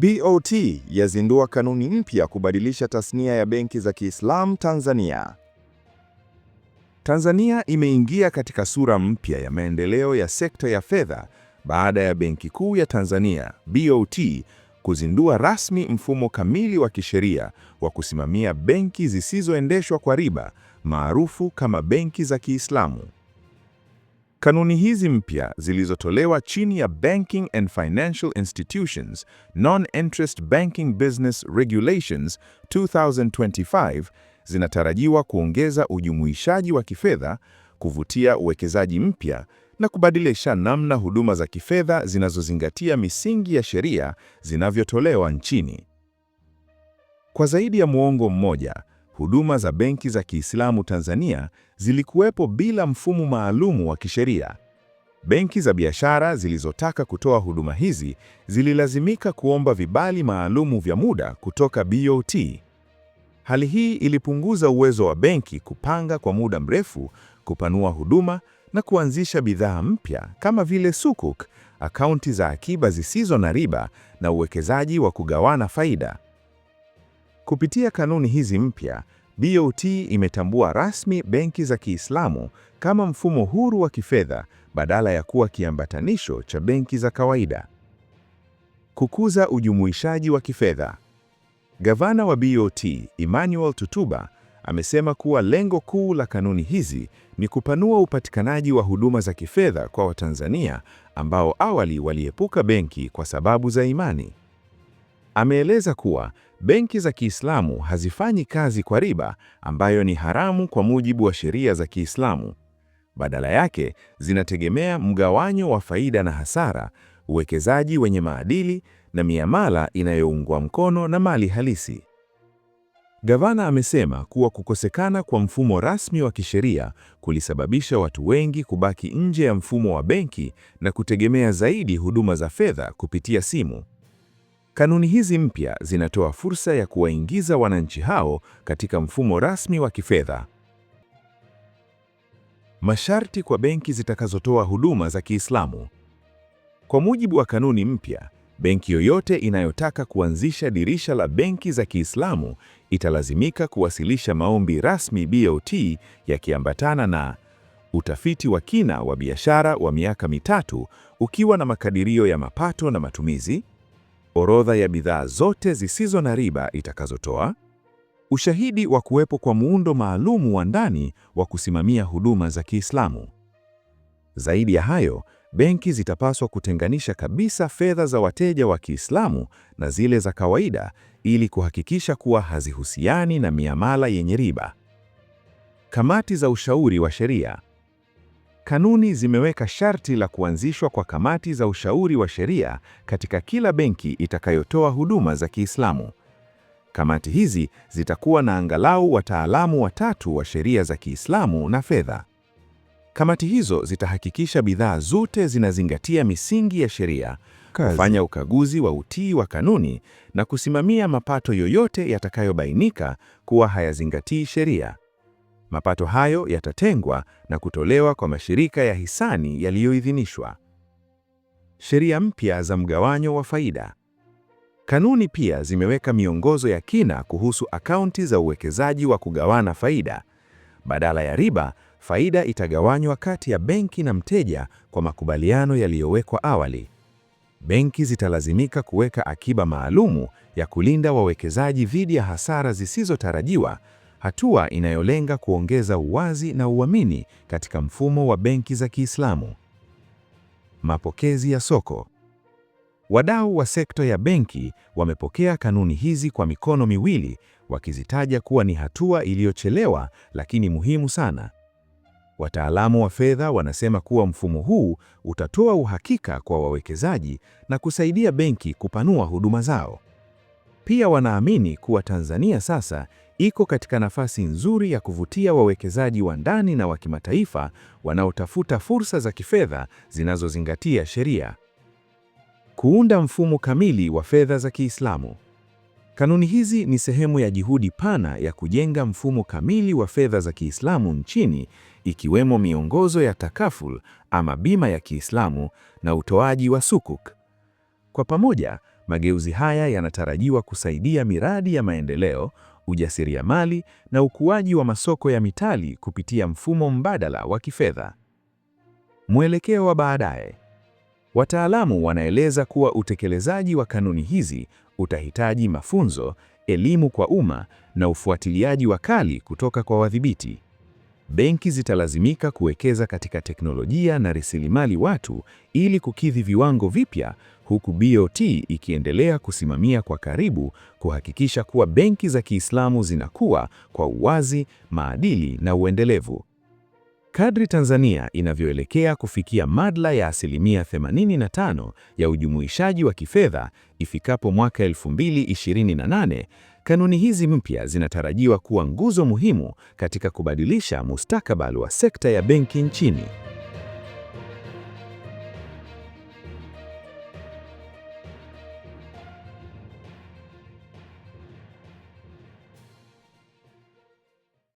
BOT yazindua kanuni mpya kubadilisha tasnia ya benki za Kiislamu Tanzania. Tanzania imeingia katika sura mpya ya maendeleo ya sekta ya fedha baada ya Benki Kuu ya Tanzania BOT kuzindua rasmi mfumo kamili wa kisheria wa kusimamia benki zisizoendeshwa kwa riba maarufu kama benki za Kiislamu. Kanuni hizi mpya zilizotolewa chini ya Banking and Financial Institutions Non-Interest Banking Business Regulations 2025 zinatarajiwa kuongeza ujumuishaji wa kifedha, kuvutia uwekezaji mpya na kubadilisha namna huduma za kifedha zinazozingatia misingi ya sheria zinavyotolewa nchini. Kwa zaidi ya muongo mmoja, huduma za benki za Kiislamu Tanzania zilikuwepo bila mfumo maalumu wa kisheria. Benki za biashara zilizotaka kutoa huduma hizi zililazimika kuomba vibali maalumu vya muda kutoka BOT. Hali hii ilipunguza uwezo wa benki kupanga kwa muda mrefu, kupanua huduma na kuanzisha bidhaa mpya kama vile sukuk, akaunti za akiba zisizo na riba na uwekezaji wa kugawana faida. Kupitia kanuni hizi mpya, BoT imetambua rasmi benki za Kiislamu kama mfumo huru wa kifedha badala ya kuwa kiambatanisho cha benki za kawaida. Kukuza ujumuishaji wa kifedha. Gavana wa BoT, Emmanuel Tutuba, amesema kuwa lengo kuu la kanuni hizi ni kupanua upatikanaji wa huduma za kifedha kwa Watanzania ambao awali waliepuka benki kwa sababu za imani. Ameeleza kuwa benki za Kiislamu hazifanyi kazi kwa riba ambayo ni haramu kwa mujibu wa sheria za Kiislamu. Badala yake zinategemea mgawanyo wa faida na hasara, uwekezaji wenye maadili na miamala inayoungwa mkono na mali halisi. Gavana amesema kuwa kukosekana kwa mfumo rasmi wa kisheria kulisababisha watu wengi kubaki nje ya mfumo wa benki na kutegemea zaidi huduma za fedha kupitia simu. Kanuni hizi mpya zinatoa fursa ya kuwaingiza wananchi hao katika mfumo rasmi wa kifedha. Masharti kwa benki zitakazotoa huduma za Kiislamu. Kwa mujibu wa kanuni mpya, benki yoyote inayotaka kuanzisha dirisha la benki za Kiislamu italazimika kuwasilisha maombi rasmi BOT yakiambatana na utafiti wa kina wa biashara wa miaka mitatu ukiwa na makadirio ya mapato na matumizi, orodha ya bidhaa zote zisizo na riba itakazotoa, ushahidi wa kuwepo kwa muundo maalumu wa ndani wa kusimamia huduma za Kiislamu. Zaidi ya hayo, benki zitapaswa kutenganisha kabisa fedha za wateja wa Kiislamu na zile za kawaida ili kuhakikisha kuwa hazihusiani na miamala yenye riba. Kamati za ushauri wa sheria Kanuni zimeweka sharti la kuanzishwa kwa kamati za ushauri wa sheria katika kila benki itakayotoa huduma za Kiislamu. Kamati hizi zitakuwa na angalau wataalamu watatu wa sheria za Kiislamu na fedha. Kamati hizo zitahakikisha bidhaa zote zinazingatia misingi ya sheria, kufanya ukaguzi wa utii wa kanuni na kusimamia mapato yoyote yatakayobainika kuwa hayazingatii sheria. Mapato hayo yatatengwa na kutolewa kwa mashirika ya hisani yaliyoidhinishwa. Sheria mpya za mgawanyo wa faida. Kanuni pia zimeweka miongozo ya kina kuhusu akaunti za uwekezaji wa kugawana faida. Badala ya riba, faida itagawanywa kati ya benki na mteja kwa makubaliano yaliyowekwa awali. Benki zitalazimika kuweka akiba maalumu ya kulinda wawekezaji dhidi ya hasara zisizotarajiwa hatua inayolenga kuongeza uwazi na uamini katika mfumo wa benki za Kiislamu. Mapokezi ya soko. Wadau wa sekta ya benki wamepokea kanuni hizi kwa mikono miwili, wakizitaja kuwa ni hatua iliyochelewa lakini muhimu sana. Wataalamu wa fedha wanasema kuwa mfumo huu utatoa uhakika kwa wawekezaji na kusaidia benki kupanua huduma zao. Pia wanaamini kuwa Tanzania sasa iko katika nafasi nzuri ya kuvutia wawekezaji wa ndani na wa kimataifa wanaotafuta fursa za kifedha zinazozingatia sheria. Kuunda mfumo kamili wa fedha za Kiislamu. Kanuni hizi ni sehemu ya juhudi pana ya kujenga mfumo kamili wa fedha za Kiislamu nchini, ikiwemo miongozo ya takaful ama bima ya Kiislamu na utoaji wa sukuk. Kwa pamoja, mageuzi haya yanatarajiwa kusaidia miradi ya maendeleo ujasiriamali na ukuaji wa masoko ya mitali kupitia mfumo mbadala wa kifedha. Mwelekeo wa baadaye. Wataalamu wanaeleza kuwa utekelezaji wa kanuni hizi utahitaji mafunzo, elimu kwa umma na ufuatiliaji wa kali kutoka kwa wadhibiti benki zitalazimika kuwekeza katika teknolojia na rasilimali watu ili kukidhi viwango vipya, huku BOT ikiendelea kusimamia kwa karibu kuhakikisha kuwa benki za Kiislamu zinakuwa kwa uwazi, maadili na uendelevu. Kadri Tanzania inavyoelekea kufikia madla ya asilimia 85 ya ujumuishaji wa kifedha ifikapo mwaka 2028, Kanuni hizi mpya zinatarajiwa kuwa nguzo muhimu katika kubadilisha mustakabali wa sekta ya benki nchini.